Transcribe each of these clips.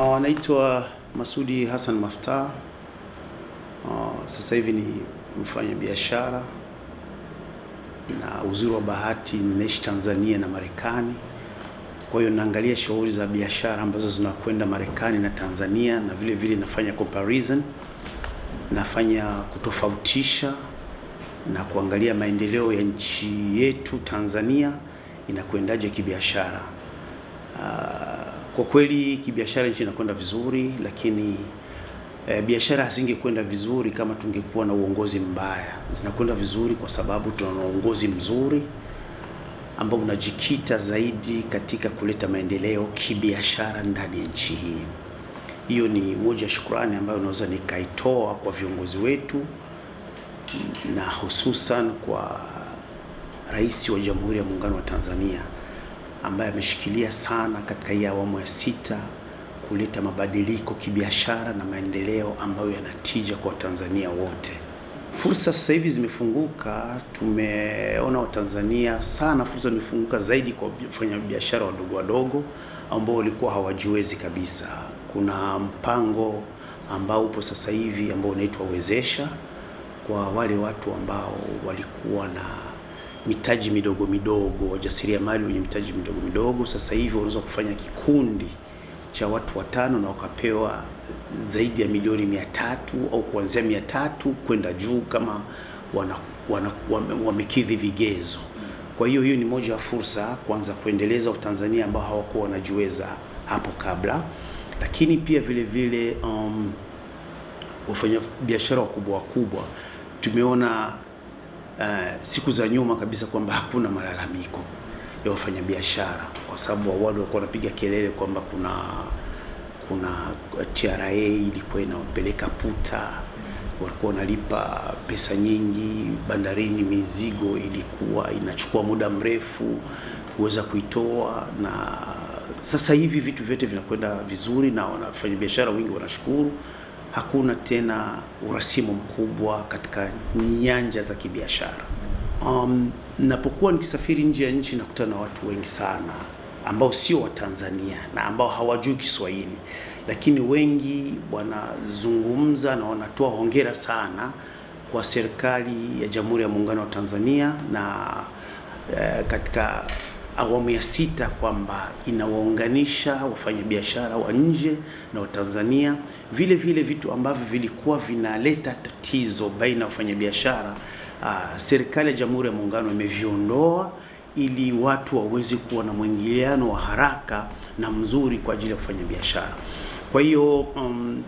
Uh, naitwa Masudi Hassan Mafta. Uh, sasa hivi ni mfanya biashara na uzuri wa bahati nimeishi Tanzania na Marekani. Kwa hiyo naangalia shughuli za biashara ambazo zinakwenda Marekani na Tanzania na vile vile nafanya comparison, nafanya kutofautisha na kuangalia maendeleo ya nchi yetu Tanzania inakwendaje kibiashara. Uh, kwa kweli kibiashara nchi inakwenda vizuri, lakini e, biashara hazingekwenda vizuri kama tungekuwa na uongozi mbaya. Zinakwenda vizuri kwa sababu tuna uongozi mzuri ambao unajikita zaidi katika kuleta maendeleo kibiashara ndani ya nchi hii. Hiyo ni moja ya shukrani ambayo unaweza nikaitoa kwa viongozi wetu na hususan kwa Rais wa Jamhuri ya Muungano wa Tanzania ambaye ameshikilia sana katika hii awamu ya sita kuleta mabadiliko kibiashara na maendeleo ambayo yanatija kwa Watanzania wote. Fursa sasa hivi zimefunguka, tumeona Watanzania sana, fursa zimefunguka zaidi kwa wafanyabiashara wadogo wadogo ambao walikuwa hawajiwezi kabisa. Kuna mpango ambao upo sasa hivi ambao unaitwa Wezesha kwa wale watu ambao walikuwa na mitaji midogo midogo, wajasiriamali wenye mitaji midogo midogo. Sasa hivi wanaweza kufanya kikundi cha watu watano na wakapewa zaidi ya milioni mia tatu au kuanzia mia tatu kwenda juu kama wana, wana, wame, wamekidhi vigezo. Kwa hiyo hiyo ni moja ya fursa kwanza kuendeleza Watanzania ambao hawakuwa wanajiweza hapo kabla, lakini pia vile vile um, biashara wakubwa wakubwa tumeona uh, siku za nyuma kabisa kwamba hakuna malalamiko ya wafanyabiashara, kwa sababu awali walikuwa wanapiga kelele kwamba kuna kuna TRA ilikuwa inawapeleka puta, walikuwa wanalipa pesa nyingi bandarini, mizigo ilikuwa inachukua muda mrefu kuweza kuitoa na sasa hivi vitu vyote vinakwenda vizuri na wafanyabiashara wengi wanashukuru, hakuna tena urasimu mkubwa katika nyanja za kibiashara. Um, napokuwa nikisafiri nje ya nchi nakutana na watu wengi sana ambao sio Watanzania na ambao hawajui Kiswahili, lakini wengi wanazungumza na wanatoa hongera sana kwa serikali ya Jamhuri ya Muungano wa Tanzania na eh, katika awamu ya sita kwamba inawaunganisha wafanyabiashara wa nje na Watanzania, vile vile vitu ambavyo vilikuwa vinaleta tatizo baina ya wafanyabiashara uh, serikali ya Jamhuri ya Muungano imeviondoa ili watu waweze kuwa na mwingiliano wa haraka na mzuri kwa ajili ya kufanya biashara. Kwa hiyo um,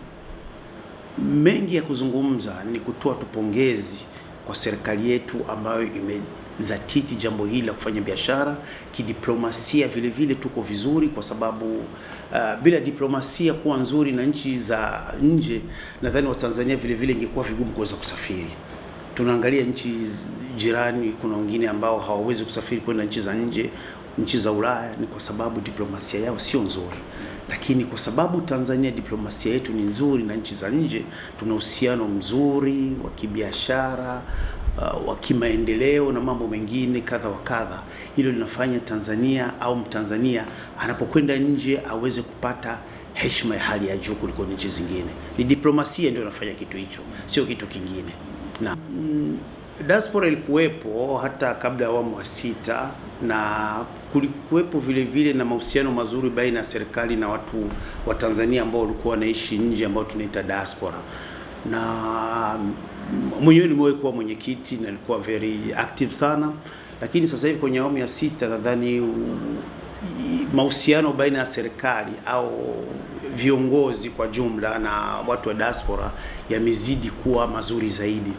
mengi ya kuzungumza ni kutoa tupongezi kwa serikali yetu ambayo ime zatiti jambo hili la kufanya biashara. Kidiplomasia vile vile tuko vizuri, kwa sababu uh, bila diplomasia kuwa nzuri na nchi za nje, nadhani Watanzania vile vile ingekuwa vigumu kuweza kusafiri. Tunaangalia nchi jirani, kuna wengine ambao hawawezi kusafiri kwenda nchi za nje, nchi za Ulaya, ni kwa sababu diplomasia yao sio nzuri lakini kwa sababu Tanzania diplomasia yetu ni nzuri na nchi za nje, tuna uhusiano mzuri wa kibiashara uh, wa kimaendeleo na mambo mengine kadha wa kadha. Hilo linafanya Tanzania au Mtanzania anapokwenda nje aweze kupata heshima ya hali ya juu kuliko nchi zingine. Ni diplomasia ndio inafanya kitu hicho, sio kitu kingine. Na mm, diaspora ilikuwepo hata kabla ya awamu wa sita, na kulikuwepo vile vile na mahusiano mazuri baina ya serikali na watu wa Tanzania ambao walikuwa wanaishi nje ambao tunaita diaspora na mwenyewe nimewahi kuwa mwenyekiti na nilikuwa very active sana, lakini sasa hivi kwenye awamu ya sita nadhani mahusiano baina ya serikali au viongozi kwa jumla na watu wa diaspora yamezidi kuwa mazuri zaidi,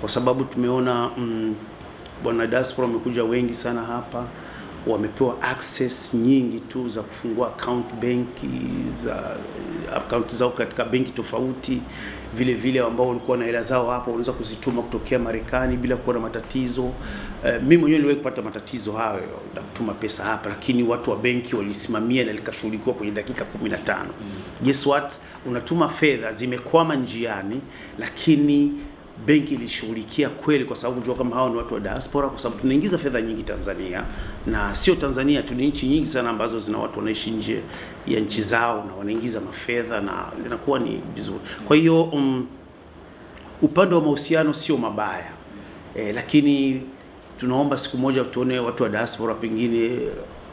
kwa sababu tumeona mm, bwana diaspora wamekuja wengi sana hapa wamepewa access nyingi tu za kufungua account benki za account zao katika benki tofauti. Vile vile ambao walikuwa na hela zao hapo wanaweza kuzituma kutokea Marekani bila kuwa na matatizo. Uh, mimi mwenyewe niliwahi kupata matatizo hayo na kutuma pesa hapa, lakini watu wa benki walisimamia na likashughulikiwa kwenye dakika 15. Mm. Guess what, unatuma fedha zimekwama njiani, lakini benki ilishughulikia kweli, kwa sababu jua kama hao ni watu wa diaspora, kwa sababu tunaingiza fedha nyingi Tanzania, na sio Tanzania tu, ni nchi nyingi sana ambazo zina watu wanaishi nje ya nchi zao na wanaingiza mafedha na inakuwa ni vizuri. Kwa hiyo um, upande wa mahusiano sio mabaya e, lakini tunaomba siku moja tuone watu wa diaspora pengine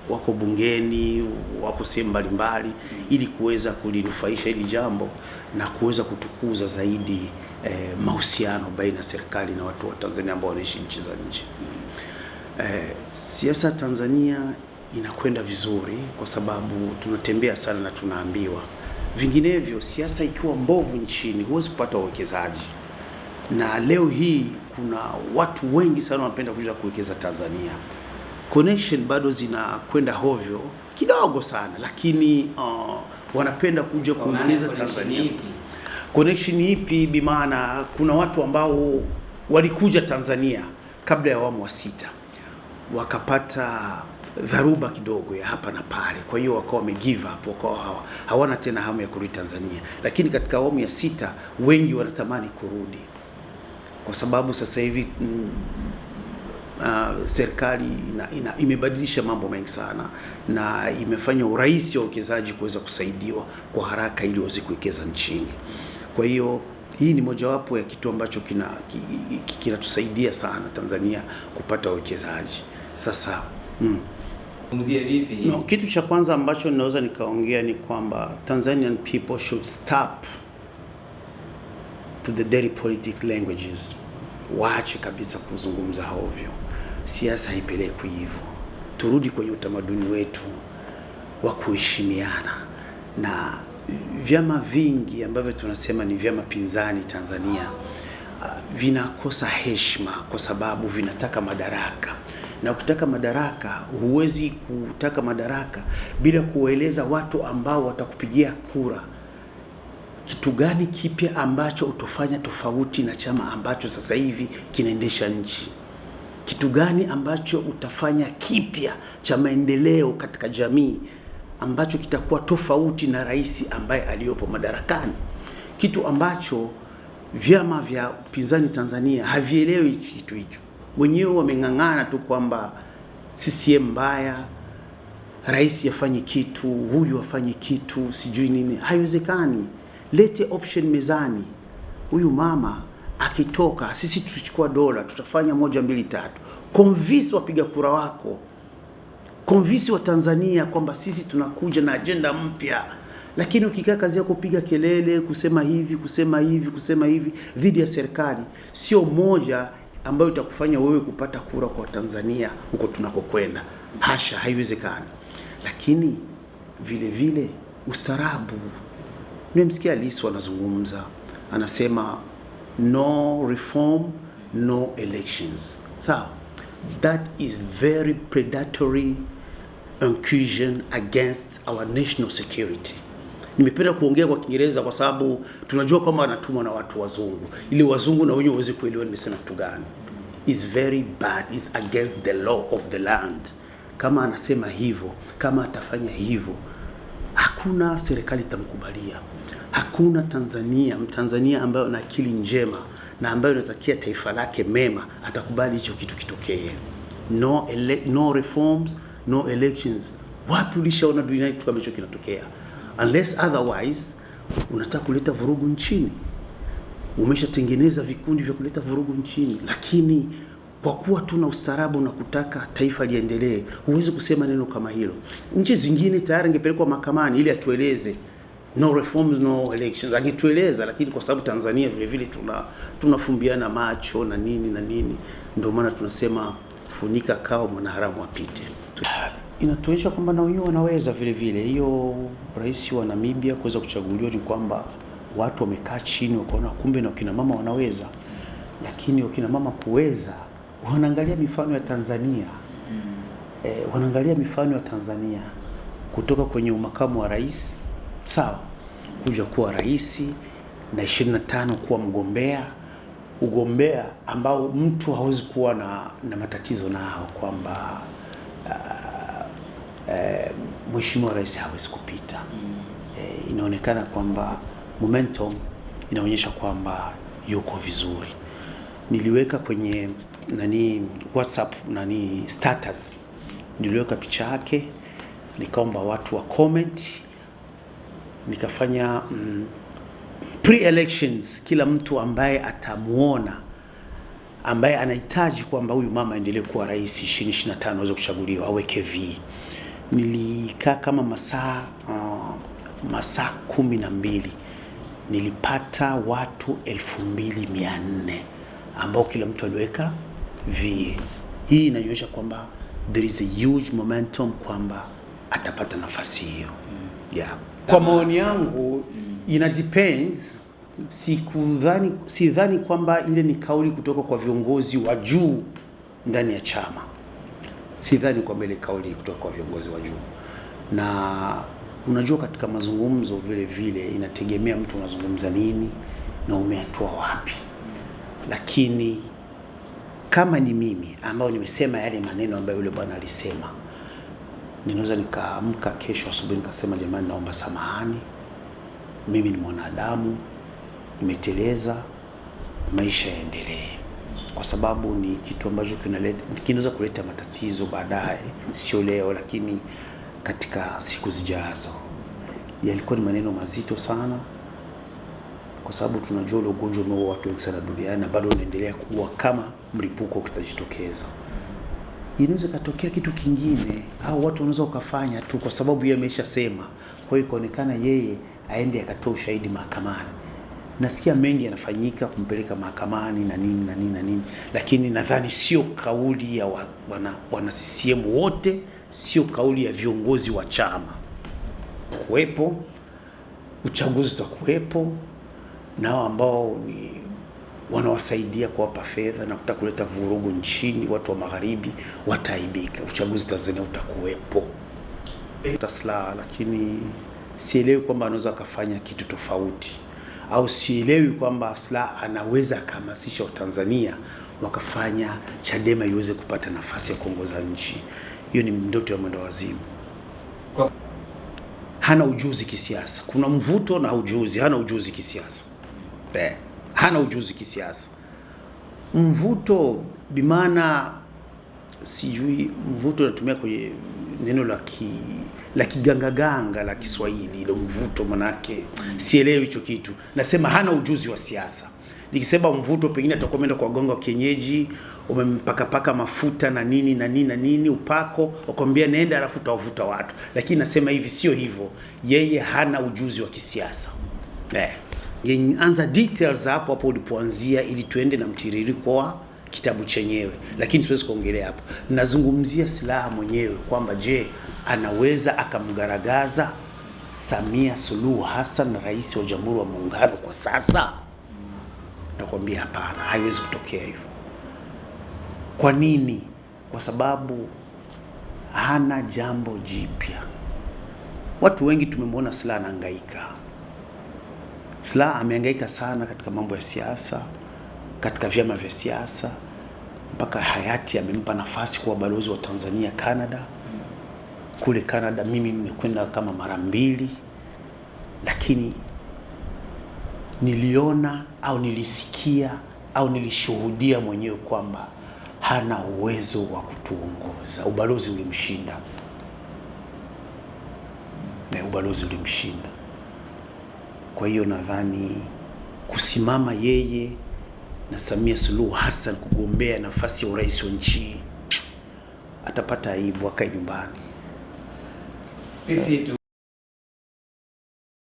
wako bungeni, wako sehemu mbalimbali, ili kuweza kulinufaisha hili jambo na kuweza kutukuza zaidi eh, mahusiano baina ya serikali na watu wa Tanzania ambao wanaishi nchi za nje. Eh, siasa Tanzania inakwenda vizuri kwa sababu tunatembea sana na tunaambiwa. Vinginevyo, siasa ikiwa mbovu nchini, huwezi kupata wawekezaji, na leo hii kuna watu wengi sana wanapenda kuja kuwekeza Tanzania connection bado zinakwenda hovyo kidogo sana, lakini uh, wanapenda kuja kuongeza Tanzania. Connection ipi? Bi maana kuna watu ambao walikuja Tanzania kabla ya awamu wa sita wakapata dharuba kidogo ya hapa na pale, kwa hiyo wakawa wame give up, wakawa hawana tena hamu ya kurudi Tanzania. Lakini katika awamu ya sita wengi wanatamani kurudi kwa sababu sasa hivi mm, uh, serikali ina, ina, imebadilisha mambo mengi sana na imefanya urahisi wa uwekezaji kuweza kusaidiwa kwa haraka ili waweze kuwekeza nchini. Kwa hiyo hii ni mojawapo ya kitu ambacho kinatusaidia kina sana Tanzania kupata wawekezaji sasa mm. No, kitu cha kwanza ambacho ninaweza nikaongea ni kwamba Tanzanian people should stop to the dirty politics languages waache kabisa kuzungumza hovyo. Siasa haipelekwi hivyo, turudi kwenye utamaduni wetu wa kuheshimiana na vyama vingi ambavyo tunasema ni vyama pinzani Tanzania ah, vinakosa heshima kwa sababu vinataka madaraka, na ukitaka madaraka huwezi kutaka madaraka bila kuwaeleza watu ambao watakupigia kura kitu gani kipya ambacho utofanya tofauti na chama ambacho sasa hivi kinaendesha nchi? Kitu gani ambacho utafanya kipya cha maendeleo katika jamii ambacho kitakuwa tofauti na rais ambaye aliyopo madarakani? Kitu ambacho vyama vya upinzani Tanzania havielewi kitu hicho, wenyewe wameng'ang'ana tu kwamba CCM mbaya, rais afanye kitu, huyu afanye kitu, sijui nini. Haiwezekani lete option mezani, huyu mama akitoka, sisi tuchukua dola, tutafanya moja mbili tatu. Convince wapiga kura wako, convince wa Tanzania kwamba sisi tunakuja na ajenda mpya. Lakini ukikaa kazi yako kupiga kelele, kusema hivi, kusema hivi, kusema hivi dhidi ya serikali, sio moja ambayo itakufanya wewe kupata kura kwa Tanzania huko tunakokwenda. Hasha, haiwezekani. Lakini vile vile ustarabu Nimemsikia Lissu anazungumza, anasema no reform no elections. Sawa, that is very predatory incursion against our national security. Nimependa kuongea kwa Kiingereza kwa sababu tunajua kwamba anatumwa na watu wazungu, ili wazungu na wenyewe waweze kuelewa nimesema kitu gani. Is very bad, is against the law of the land. Kama anasema hivyo, kama atafanya hivyo hakuna serikali itamkubalia. Hakuna Tanzania, Mtanzania ambayo ana akili njema na ambayo inatakia taifa lake mema atakubali hicho kitu kitokee. No, ele no reforms, no elections. Wapi ulishaona duniani kitu kama hicho kinatokea? Unless otherwise unataka kuleta vurugu nchini, umeshatengeneza vikundi vya kuleta vurugu nchini, lakini kwa kuwa tuna ustaarabu na kutaka taifa liendelee, huwezi kusema neno kama hilo. Nchi zingine tayari ingepelekwa mahakamani ili atueleze no reforms no elections, angetueleza. Lakini kwa sababu Tanzania vile vile tuna tunafumbiana macho na nini na nini, ndio maana tunasema funika kao mwanaharamu apite. Inatuonyesha kwamba na wenyewe wanaweza vile vile. Hiyo rais wa Namibia kuweza kuchaguliwa ni kwamba watu wamekaa chini wakaona kumbe na wakina mama wanaweza, lakini wakina mama kuweza wanaangalia mifano ya Tanzania mm. E, wanaangalia mifano ya Tanzania kutoka kwenye umakamu wa rais sawa, kuja kuwa rais na 25 kuwa mgombea ugombea ambao mtu hawezi kuwa na, na matatizo nao kwamba uh, eh, mheshimiwa rais hawezi kupita mm. Eh, inaonekana kwamba momentum inaonyesha kwamba yuko vizuri. Niliweka kwenye nani WhatsApp nani status, niliweka picha yake, nikaomba watu wa comment, nikafanya mm, pre-elections, kila mtu ambaye atamuona ambaye anahitaji kwamba huyu mama aendelee kuwa rais 2025 aweze kuchaguliwa aweke vi. Nilikaa kama masaa uh, masaa kumi na mbili nilipata watu elfu mbili mia nne ambao kila mtu aliweka VA. Hii inaonyesha kwamba there is a huge momentum kwamba atapata nafasi hiyo mm. yeah. Kwa maoni yangu mm. ina depends sikudhani, sidhani kwamba ile ni kauli kutoka kwa viongozi wa juu ndani ya chama, sidhani kwamba ile kauli kutoka kwa viongozi wa juu na unajua katika mazungumzo vile vile inategemea mtu unazungumza nini na umeatua wapi, lakini kama ni mimi ambayo nimesema yale maneno ambayo yule bwana alisema, ninaweza nikaamka kesho asubuhi nikasema, jamani, naomba samahani, mimi ni mwanadamu, nimeteleza, maisha yaendelee, kwa sababu ni kitu ambacho kinaweza kuleta matatizo baadaye, sio leo, lakini katika siku zijazo. Yalikuwa ni maneno mazito sana kwa sababu tunajua ule ugonjwa umeua watu wengi sana duniani na bado unaendelea kuwa kama mlipuko kitajitokeza. Inaweza ikatokea kitu kingine, au watu wanaweza ukafanya tu kwa sababu yeye ameshasema, kwa hiyo ikaonekana yeye aende akatoa ushahidi mahakamani. Nasikia mengi yanafanyika kumpeleka mahakamani na nini na nini na nini, lakini nadhani sio kauli ya wana, wana CCM wote, sio kauli ya viongozi wa chama. Kuwepo uchaguzi utakuwepo na ambao ni wanawasaidia kuwapa fedha na kutaka kuleta vurugu nchini, watu wa magharibi wataaibika. Uchaguzi Tanzania utakuwepo tasla, lakini sielewi kwamba anaweza akafanya kitu tofauti, au sielewi kwamba Slaa anaweza akahamasisha Watanzania wakafanya Chadema iweze kupata nafasi ya kuongoza nchi. Hiyo ni ndoto ya mwenda wazimu. Hana ujuzi kisiasa, kuna mvuto na ujuzi, hana ujuzi kisiasa eh, hana ujuzi kisiasa. Mvuto bimaana, sijui mvuto natumia kwenye neno la ki la kigangaganga la Kiswahili ile mvuto, manake sielewi hicho kitu. Nasema hana ujuzi wa siasa. Nikisema mvuto, pengine atakuwa ameenda kwa gonga kienyeji, umempakapaka mafuta na nini na nini na nini, upako wakwambia nenda, alafu utawavuta watu. Lakini nasema hivi, sio hivyo, yeye hana ujuzi wa kisiasa eh yenye anza details hapo hapo ulipoanzia, ili tuende na mtiririko wa kitabu chenyewe, lakini siwezi kuongelea hapo. Nazungumzia silaha mwenyewe kwamba je, anaweza akamgaragaza Samia Suluhu Hassan, rais wa Jamhuri wa Muungano kwa sasa? Nakwambia hapana, haiwezi kutokea hivyo. Kwa nini? Kwa sababu hana jambo jipya. Watu wengi tumemwona silaha anahangaika sla amehangaika sana katika mambo ya siasa, katika vyama vya siasa, mpaka hayati amempa nafasi kuwa balozi wa Tanzania Canada. Kule Canada mimi nimekwenda kama mara mbili, lakini niliona au nilisikia au nilishuhudia mwenyewe kwamba hana uwezo wa kutuongoza. Ubalozi ulimshinda na eh, ubalozi ulimshinda. Kwa hiyo nadhani kusimama yeye na Samia Suluhu Hassan kugombea nafasi ya urais wa nchi, atapata aibu akae nyumbani.